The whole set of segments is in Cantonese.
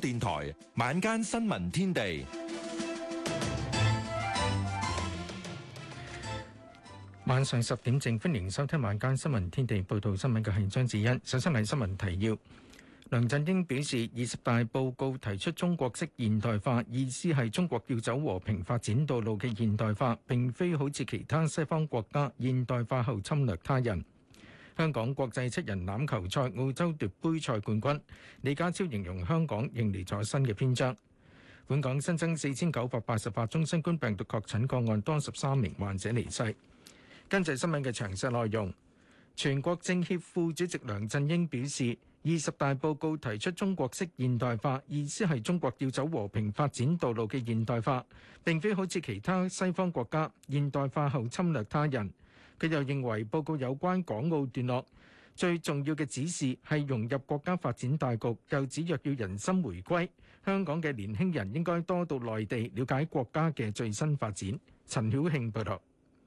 電台晚間新聞天地，晚上十點正，歡迎收聽晚間新聞天地報道新聞嘅係張子欣，首先係新聞提要。梁振英表示，二十大報告提出中國式現代化，意思係中國要走和平發展道路嘅現代化，並非好似其他西方國家現代化後侵略他人。香港國際七人欖球賽澳洲奪杯賽冠軍，李家超形容香港迎嚟咗新嘅篇章。本港新增四千九百八十八宗新冠病毒確診個案，多十三名患者離世。跟住新聞嘅詳細內容。全國政協副主席梁振英表示，二十大報告提出中國式現代化，意思係中國要走和平發展道路嘅現代化，並非好似其他西方國家現代化後侵略他人。佢又認為報告有關港澳段落最重要嘅指示係融入國家發展大局，又指若要人心回歸，香港嘅年輕人應該多到內地了解國家嘅最新發展。陳曉慶報道。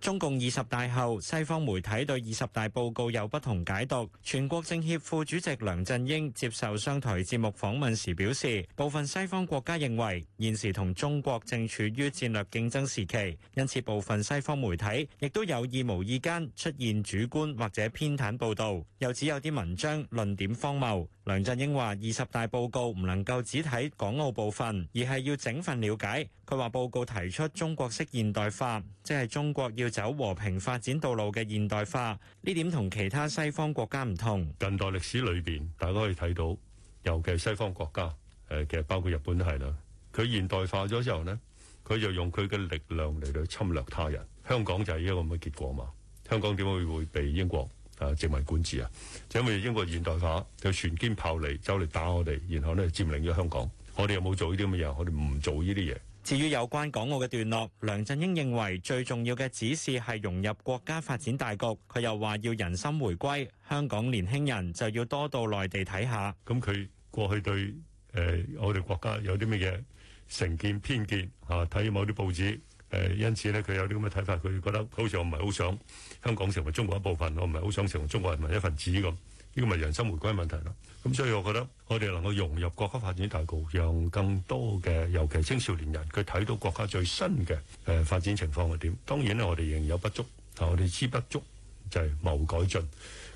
中共二十大後，西方媒體對二十大報告有不同解讀。全國政協副主席梁振英接受商台節目訪問時表示，部分西方國家認為現時同中國正處於戰略競爭時期，因此部分西方媒體亦都有意無意間出現主觀或者偏袒報導，又指有啲文章論點荒謬。梁振英話：二十大報告唔能夠只睇港澳部分，而係要整份了解。佢話報告提出中國式現代化，即係中國要走和平發展道路嘅現代化，呢點同其他西方國家唔同。近代歷史裏邊，大家可以睇到，尤其係西方國家，誒，其實包括日本都係啦。佢現代化咗之後呢，佢就用佢嘅力量嚟到侵略他人。香港就係依一個咁嘅結果嘛。香港點解會被英國？啊殖民管治啊，就因為英國現代化，佢船堅炮利走嚟打我哋，然後咧佔領咗香港。我哋又冇做呢啲咁嘅嘢，我哋唔做呢啲嘢。至於有關港澳嘅段落，梁振英認為最重要嘅指示係融入國家發展大局。佢又話要人心回歸，香港年輕人就要多到內地睇下。咁佢過去對誒、呃、我哋國家有啲乜嘢成見偏見嚇？睇、啊、某啲報紙。誒，因此咧，佢有啲咁嘅睇法，佢覺得好似我唔係好想香港成為中國一部分，我唔係好想成為中國人民一份子咁。呢個咪人生回歸問題啦。咁所以，我覺得我哋能夠融入國家發展大局，讓更多嘅，尤其青少年人，佢睇到國家最新嘅誒發展情況係點。當然咧，我哋仍有不足，但我哋知不足就係謀改進。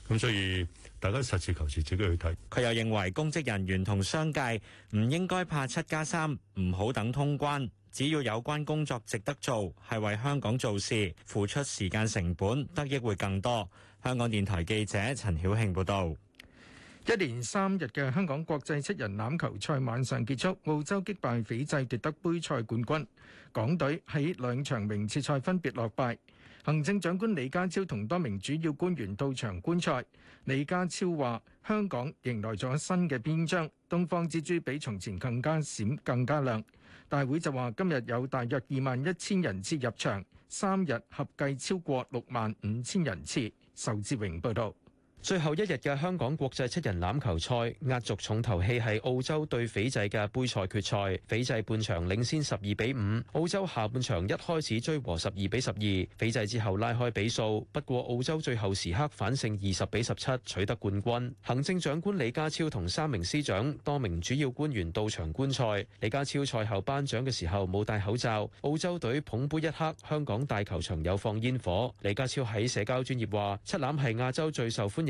咁所以大家實事求是自己去睇。佢又認為公職人員同商界唔應該怕七加三，唔好等通關。只要有關工作值得做，係為香港做事，付出時間成本，得益會更多。香港電台記者陳曉慶報道，一連三日嘅香港國際七人欖球賽晚上結束，澳洲擊敗斐濟奪得杯賽冠軍。港隊喺兩場名次賽分別落敗。行政長官李家超同多名主要官員到場觀賽。李家超話：香港迎來咗新嘅篇章，東方之珠比從前更加閃，更加亮。大會就話，今日有大約二萬一千人次入場，三日合計超過六萬五千人次。仇志榮報導。最後一日嘅香港國際七人欖球賽，壓軸重頭戲係澳洲對斐濟嘅杯賽決賽。斐濟半場領先十二比五，澳洲下半場一開始追和十二比十二，斐濟之後拉開比數。不過澳洲最後時刻反勝二十比十七，取得冠軍。行政長官李家超同三名司長、多名主要官員到場觀賽。李家超賽後頒獎嘅時候冇戴口罩。澳洲隊捧杯一刻，香港大球場有放煙火。李家超喺社交專頁話：七欖係亞洲最受歡迎。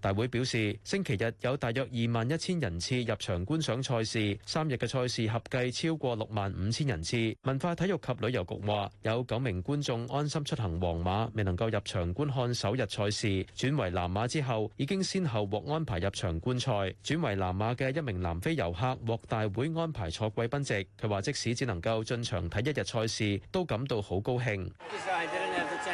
大會表示，星期日有大約二萬一千人次入場觀賞賽事，三日嘅賽事合計超過六萬五千人次。文化體育及旅遊局話，有九名觀眾安心出行，黃碼未能夠入場觀看首日賽事，轉為藍碼之後，已經先後獲安排入場觀賽。轉為藍碼嘅一名南非遊客獲大會安排坐貴賓席，佢話即使只能夠進場睇一日賽事，都感到好高興。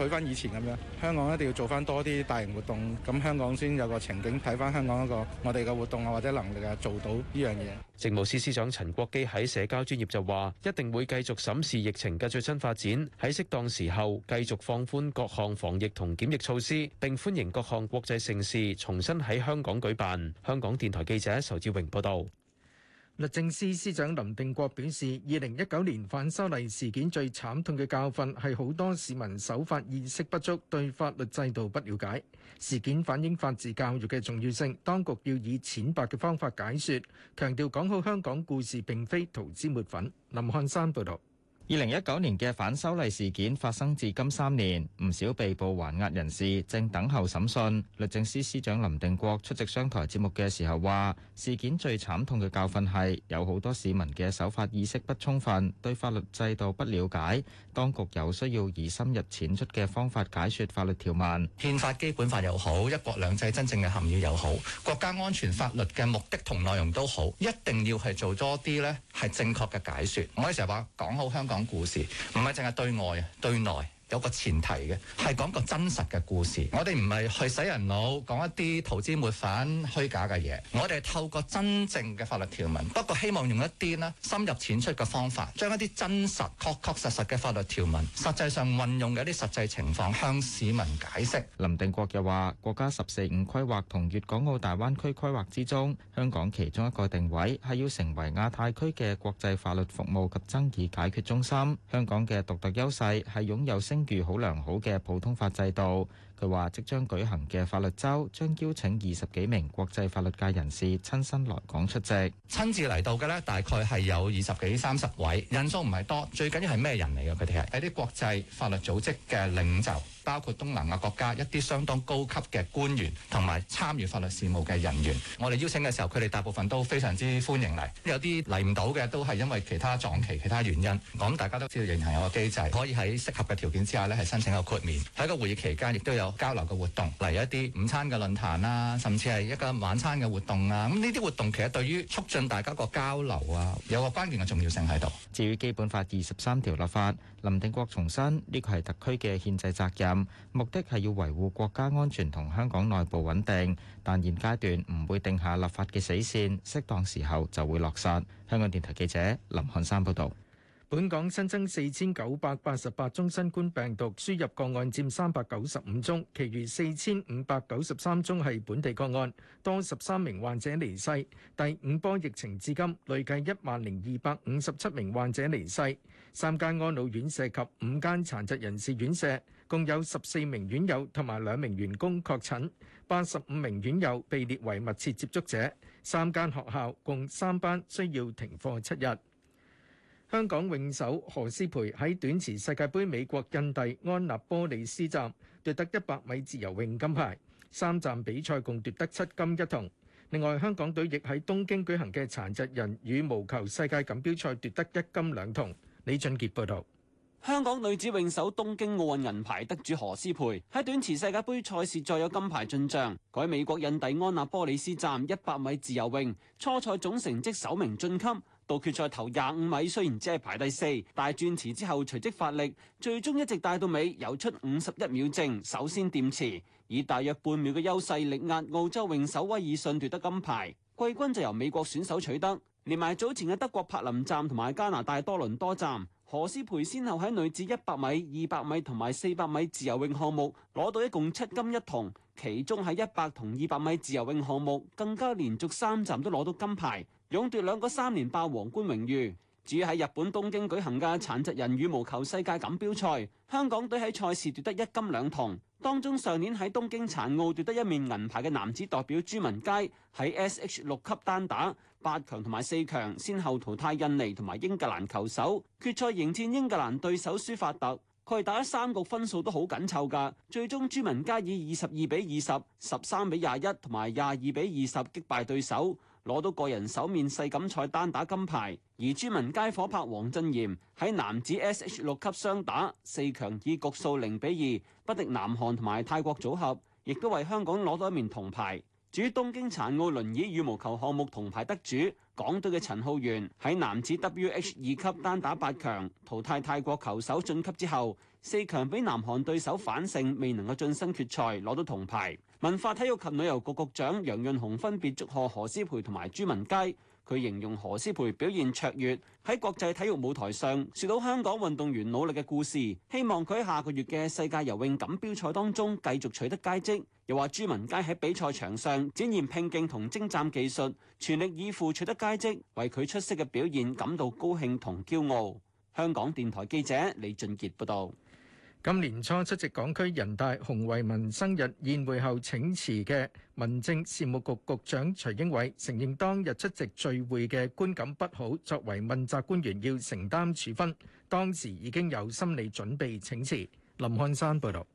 取翻以前咁樣，香港一定要做翻多啲大型活動，咁香港先有個情景睇翻香港一個我哋嘅活動啊或者能力啊做到呢樣嘢。政務司司長陳國基喺社交專業就話，一定會繼續審視疫情嘅最新發展，喺適當時候繼續放寬各項防疫同檢疫措施，並歡迎各項國際盛事重新喺香港舉辦。香港電台記者仇志榮報道。律政司司長林定國表示，二零一九年反修例事件最慘痛嘅教訓係好多市民守法意識不足，對法律制度不了解。事件反映法治教育嘅重要性，當局要以淺白嘅方法解說，強調講好香港故事並非塗脂抹粉。林漢山報道。二零一九年嘅反修例事件發生至今三年，唔少被捕還押人士正等候審訊。律政司司長林定國出席商台節目嘅時候話：事件最慘痛嘅教訓係，有好多市民嘅守法意識不充分，對法律制度不了解。當局有需要以深入淺出嘅方法解說法律條文。憲法基本法又好，一國兩制真正嘅含義又好，國家安全法律嘅目的同內容都好，一定要係做多啲咧，係正確嘅解說，我哋成日話講好香港。講故事，唔係淨係對外啊， 對內。有個前提嘅，係講個真實嘅故事。我哋唔係去洗人腦講一啲投資末返虛假嘅嘢。我哋透過真正嘅法律條文，不過希望用一啲呢深入淺出嘅方法，將一啲真實確確實實嘅法律條文，實際上運用嘅一啲實際情況向市民解釋。林定國又話：國家「十四五」規劃同粵港澳大灣區規劃之中，香港其中一個定位係要成為亞太區嘅國際法律服務及爭議解決中心。香港嘅獨特優勢係擁有星。根據好良好嘅普通法制度。佢話：即將舉行嘅法律周，將邀請二十幾名國際法律界人士親身來港出席。親自嚟到嘅呢，大概係有二十幾三十位，人數唔係多。最緊要係咩人嚟嘅？佢哋係喺啲國際法律組織嘅領袖，包括東南亞國家一啲相當高級嘅官員，同埋參與法律事務嘅人員。我哋邀請嘅時候，佢哋大部分都非常之歡迎嚟。有啲嚟唔到嘅，都係因為其他撞期、其他原因。噉大家都知道，仍然有個機制，可以喺適合嘅條件之下呢，係申請一個豁免。喺個會議期間，亦都有，交流嘅活動，例如一啲午餐嘅論壇啦，甚至係一個晚餐嘅活動啊，咁呢啲活動其實對於促進大家個交流啊，有個關鍵嘅重要性喺度。至於基本法二十三條立法，林定國重申呢個係特區嘅憲制責任，目的係要維護國家安全同香港內部穩定，但現階段唔會定下立法嘅死線，適當時候就會落實。香港電台記者林漢山報導。本港新增四千九百八十八宗新冠病毒輸入個案，佔三百九十五宗，其餘四千五百九十三宗係本地個案，多十三名患者離世。第五波疫情至今累計一萬零二百五十七名患者離世。三間安老院舍及五間殘疾人士院舍共有十四名院友同埋兩名員工確診，八十五名院友被列為密切接觸者。三間學校共三班需要停課七日。香港泳手何思培喺短池世界杯美國印第安納波利斯站奪得一百米自由泳金牌，三站比賽共奪得七金一銅。另外，香港隊亦喺東京舉行嘅殘疾人羽毛球世界錦標賽奪得一金兩銅。李俊杰報道：香港女子泳手東京奧運銀牌得主何思培喺短池世界杯賽事再有金牌進賬，喺美國印第安納波利斯站一百米自由泳初賽總成績首名晉級。到決賽頭廿五米，雖然只係排第四，但係轉池之後隨即發力，最終一直帶到尾，游出五十一秒正，首先掂池，以大約半秒嘅優勢力壓澳洲泳手威爾遜奪得金牌，季軍就由美國選手取得，連埋早前嘅德國柏林站同埋加拿大多倫多站。何詩蓓先後喺女子一百米、二百米同埋四百米自由泳項目攞到一共七金一銅，其中喺一百同二百米自由泳項目更加連續三站都攞到金牌，勇奪兩個三連霸皇冠榮譽。至於喺日本東京舉行嘅殘疾人羽毛球世界錦標賽，香港隊喺賽事奪得一金兩銅。當中上年喺東京殘奧奪得一面銀牌嘅男子代表朱文佳喺 SH 六級單打八強同埋四強先後淘汰印尼同埋英格蘭球手，決賽迎戰英格蘭對手舒發特，佢係打三局分數都好緊湊噶，最終朱文佳以二十二比二十、十三比廿一同埋廿二比二十擊敗對手。攞到個人首面世錦賽單打金牌，而朱文佳夥拍黃振炎喺男子 SH 六級雙打四強以局數零比二不敵南韓同埋泰國組合，亦都為香港攞到一面銅牌。至於東京殘奧輪椅羽毛球項目銅牌得主，港隊嘅陳浩源喺男子 WH 二級單打八強淘汰泰國球手晉級之後，四強俾南韓對手反勝，未能夠晉身決賽攞到銅牌。文化體育及旅遊局局長楊潤雄分別祝賀何詩蓓同埋朱文佳。佢形容何詩蓓表現卓越，喺國際體育舞台上説到香港運動員努力嘅故事，希望佢喺下個月嘅世界游泳錦標賽當中繼續取得佳績。又話朱文佳喺比賽場上展現拼勁同精湛技術，全力以赴取得佳績，為佢出色嘅表現感到高興同驕傲。香港電台記者李俊傑報道。今年初出席港區人大洪為民生日宴會後請辭嘅民政事務局局長徐英偉承認當日出席聚會嘅觀感不好，作為問責官員要承擔處分，當時已經有心理準備請辭。林漢山報道。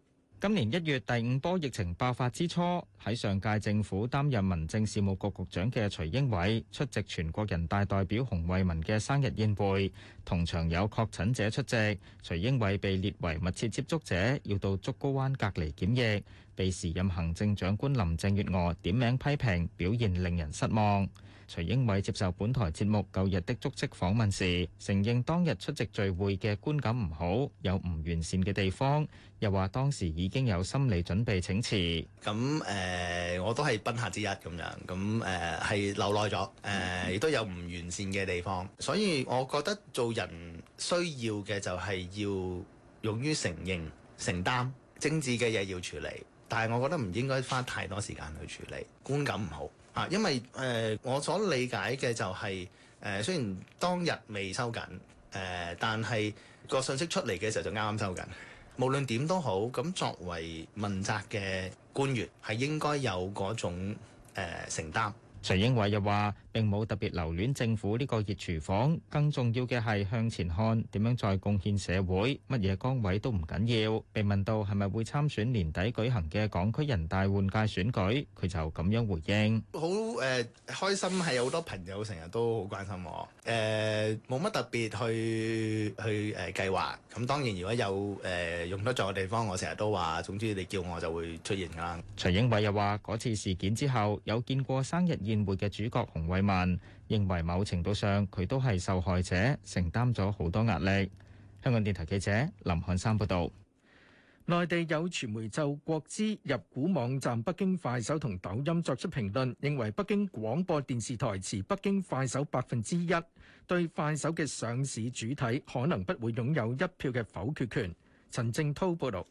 今年一月第五波疫情爆發之初，喺上屆政府擔任民政事務局局長嘅徐英偉出席全國人大代表洪為民嘅生日宴會，同場有確診者出席，徐英偉被列為密切接觸者，要到竹篙灣隔離檢疫。被時任行政長官林鄭月娥點名批評，表現令人失望。徐英偉接受本台節目舊日的足跡訪問時，承認當日出席聚會嘅觀感唔好，有唔完善嘅地方。又話當時已經有心理準備請辭。咁誒，我都係賓客之一咁樣，咁誒係留耐咗，誒亦都有唔完善嘅地方。所以我覺得做人需要嘅就係要勇於承認、承擔政治嘅嘢要處理，但係，我覺得唔應該花太多時間去處理觀感唔好嚇、啊，因為誒、呃、我所理解嘅就係、是、誒、呃、雖然當日未收緊誒、呃，但係個信息出嚟嘅時候就啱啱收緊。無論點都好，咁作為問責嘅官員係應該有嗰種、呃、承擔。徐英偉又話：並冇特別留戀政府呢個熱廚房，更重要嘅係向前看，點樣再貢獻社會，乜嘢崗位都唔緊要。被問到係咪會參選年底舉行嘅港區人大換屆選舉，佢就咁樣回應：好誒、呃，開心係好多朋友成日都好關心我。誒冇乜特別去去誒計劃咁。當然，如果有誒用得著嘅地方，我成日都話。總之，你叫我就會出現噶。徐英偉又話：嗰次事件之後，有見過生日宴會嘅主角洪為民，認為某程度上佢都係受害者，承擔咗好多壓力。香港電台記者林漢山報道。內地有傳媒就國資入股網站北京快手同抖音作出評論，認為北京廣播電視台持北京快手百分之一，對快手嘅上市主體可能不會擁有一票嘅否決權。陳正濤報導，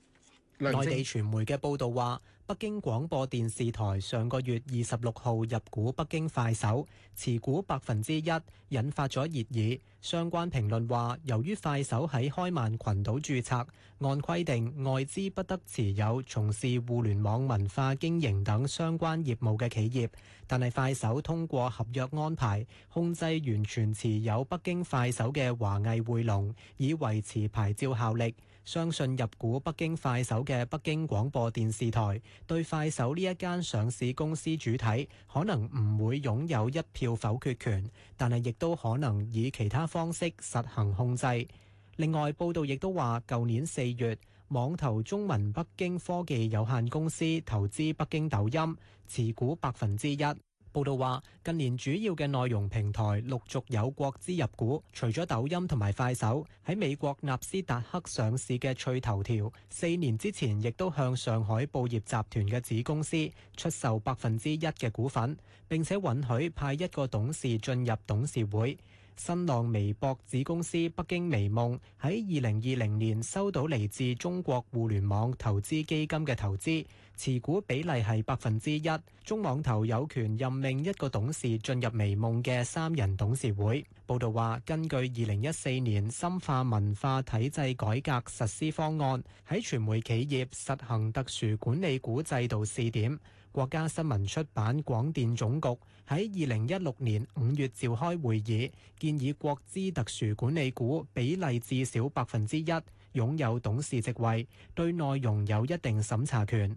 內地傳媒嘅報道話。北京廣播電視台上個月二十六號入股北京快手，持股百分之一，引發咗熱議。相關評論話由於快手喺開曼群島註冊，按規定外資不得持有從事互聯網文化經營等相關業務嘅企業，但係快手通過合約安排控制完全持有北京快手嘅華藝匯龍，以維持牌照效力。相信入股北京快手嘅北京廣播電視台對快手呢一間上市公司主體可能唔會擁有一票否決權，但係亦都可能以其他方式實行控制。另外，報道亦都話舊年四月網投中文北京科技有限公司投資北京抖音，持股百分之一。報道話，近年主要嘅內容平台陸續有國資入股，除咗抖音同埋快手，喺美國納斯達克上市嘅趣頭條，四年之前亦都向上海報業集團嘅子公司出售百分之一嘅股份，並且允許派一個董事進入董事會。新浪微博子公司北京微夢喺二零二零年收到嚟自中國互聯網投資基金嘅投資。持股比例係百分之一，中網投有權任命一個董事進入微夢嘅三人董事會。報道話，根據二零一四年深化文化體制改革實施方案，喺傳媒企業實行特殊管理股制度試點。國家新聞出版廣電總局喺二零一六年五月召開會議，建議國資特殊管理股比例至少百分之一，擁有董事席位，對內容有一定審查權。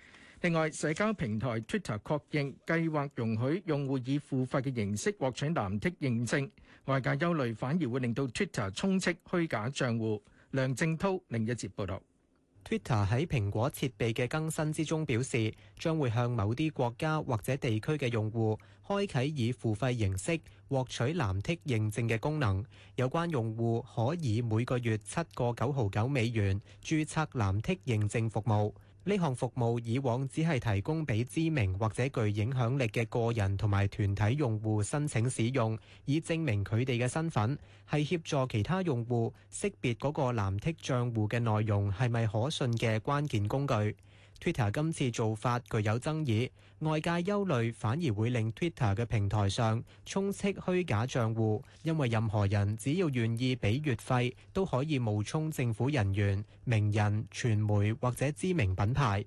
另外，社交平台 Twitter 確認計劃容許用戶以付費嘅形式獲取藍剔認證。外界憂慮反而會令到 Twitter 充斥虛假帳戶。梁正濤另一節報導，Twitter 喺蘋果設備嘅更新之中表示，將會向某啲國家或者地區嘅用戶開啟以付費形式獲取藍剔認證嘅功能。有關用戶可以每個月七個九毫九美元註冊藍剔認證服務。呢項服務以往只係提供俾知名或者具影響力嘅個人同埋團體用戶申請使用，以證明佢哋嘅身份，係協助其他用戶識別嗰個藍剔賬戶嘅內容係咪可信嘅關鍵工具。Twitter 今次做法具有爭議，外界憂慮反而會令 Twitter 嘅平台上充斥虛假賬戶，因為任何人只要願意俾月費，都可以冒充政府人員、名人、傳媒或者知名品牌。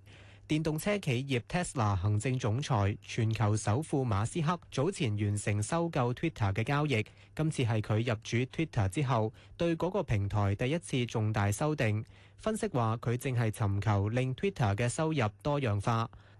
電動車企業 Tesla 行政總裁、全球首富馬斯克早前完成收購 Twitter 嘅交易，今次係佢入主 Twitter 之後對嗰個平台第一次重大修訂。分析話佢淨係尋求令 Twitter 嘅收入多元化。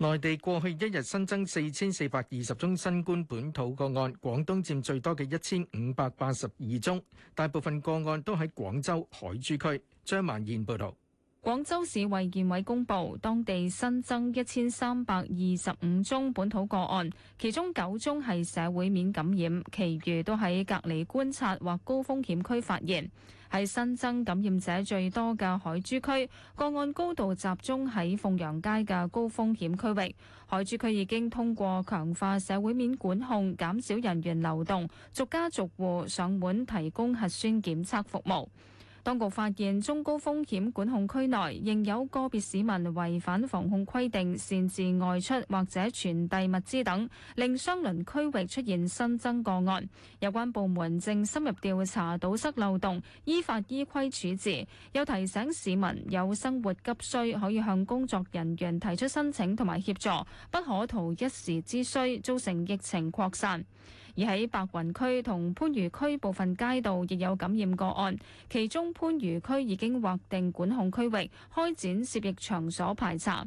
內地過去一日新增四千四百二十宗新冠本土個案，廣東佔最多嘅一千五百八十二宗，大部分個案都喺廣州海珠區。張曼燕報導。廣州市衛健委公布，當地新增一千三百二十五宗本土個案，其中九宗係社會面感染，其餘都喺隔離觀察或高風險區發現。係新增感染者最多嘅海珠區，個案高度集中喺鳳陽街嘅高風險區域。海珠區已經通過強化社會面管控，減少人員流動，逐家逐戶上門提供核酸檢測服務。當局發現中高風險管控區內仍有個別市民違反防控規定，擅自外出或者傳遞物資等，令相鄰區域出現新增個案。有關部門正深入調查堵塞漏洞，依法依規處置。又提醒市民有生活急需可以向工作人員提出申請同埋協助，不可圖一時之需造成疫情擴散。而喺白雲區同番禺區部分街道亦有感染個案，其中番禺區已經劃定管控區域，開展涉疫場所排查。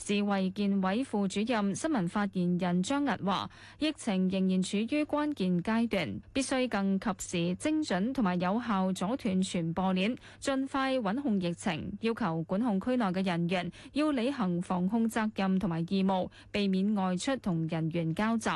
市衛健委副主任、新聞發言人張屹話，疫情仍然處於關鍵階段，必須更及時、精準同埋有效阻斷傳播鏈，盡快穩控疫情。要求管控區內嘅人員要履行防控責任同埋義務，避免外出同人員交集。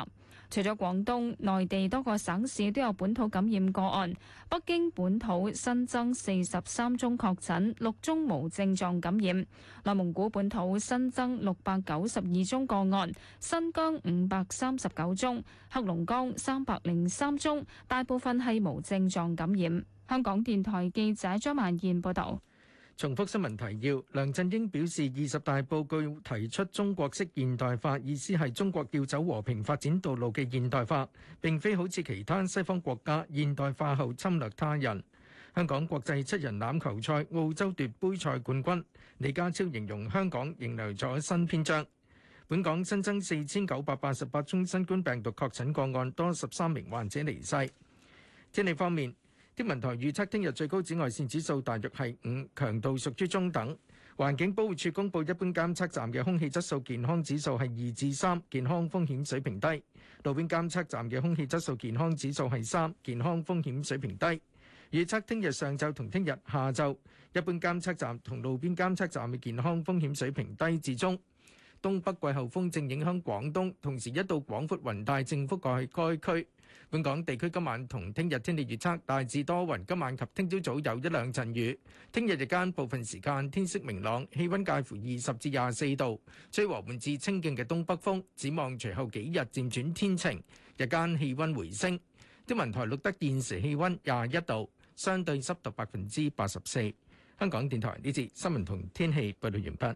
除咗廣東，內地多個省市都有本土感染個案。北京本土新增四十三宗確診，六宗無症狀感染。內蒙古本土新增六百九十二宗個案，新疆五百三十九宗，黑龍江三百零三宗，大部分係無症狀感染。香港電台記者張曼燕報道。重複新聞提要：梁振英表示，二十大報告提出中國式現代化意思係中國要走和平發展道路嘅現代化，並非好似其他西方國家現代化後侵略他人。香港國際七人欖球賽澳洲奪杯賽冠軍，李家超形容香港迎來咗新篇章。本港新增四千九百八十八宗新冠病毒確診個案，多十三名患者離世。天氣方面。天文台預測，聽日最高紫外線指數大約係五，強度屬於中等。環境保護署公布，一般監測站嘅空氣質素健康指數係二至三，健康風險水平低；路邊監測站嘅空氣質素健康指數係三，健康風險水平低。預測聽日上晝同聽日下晝，一般監測站同路邊監測站嘅健康風險水平低至中。東北季候風正影響廣東，同時一道廣闊雲帶正覆蓋該區。本港地區今晚同聽日天氣預測，大致多雲，今晚及聽朝早有一兩陣雨。聽日日間部分時間天色明朗，氣溫介乎二十至廿四度，吹和緩至清勁嘅東北風。展望隨後幾日漸轉天晴，日間氣溫回升。天文台錄得現時氣溫廿一度，相對濕度百分之八十四。香港電台呢次新聞同天氣報道完畢。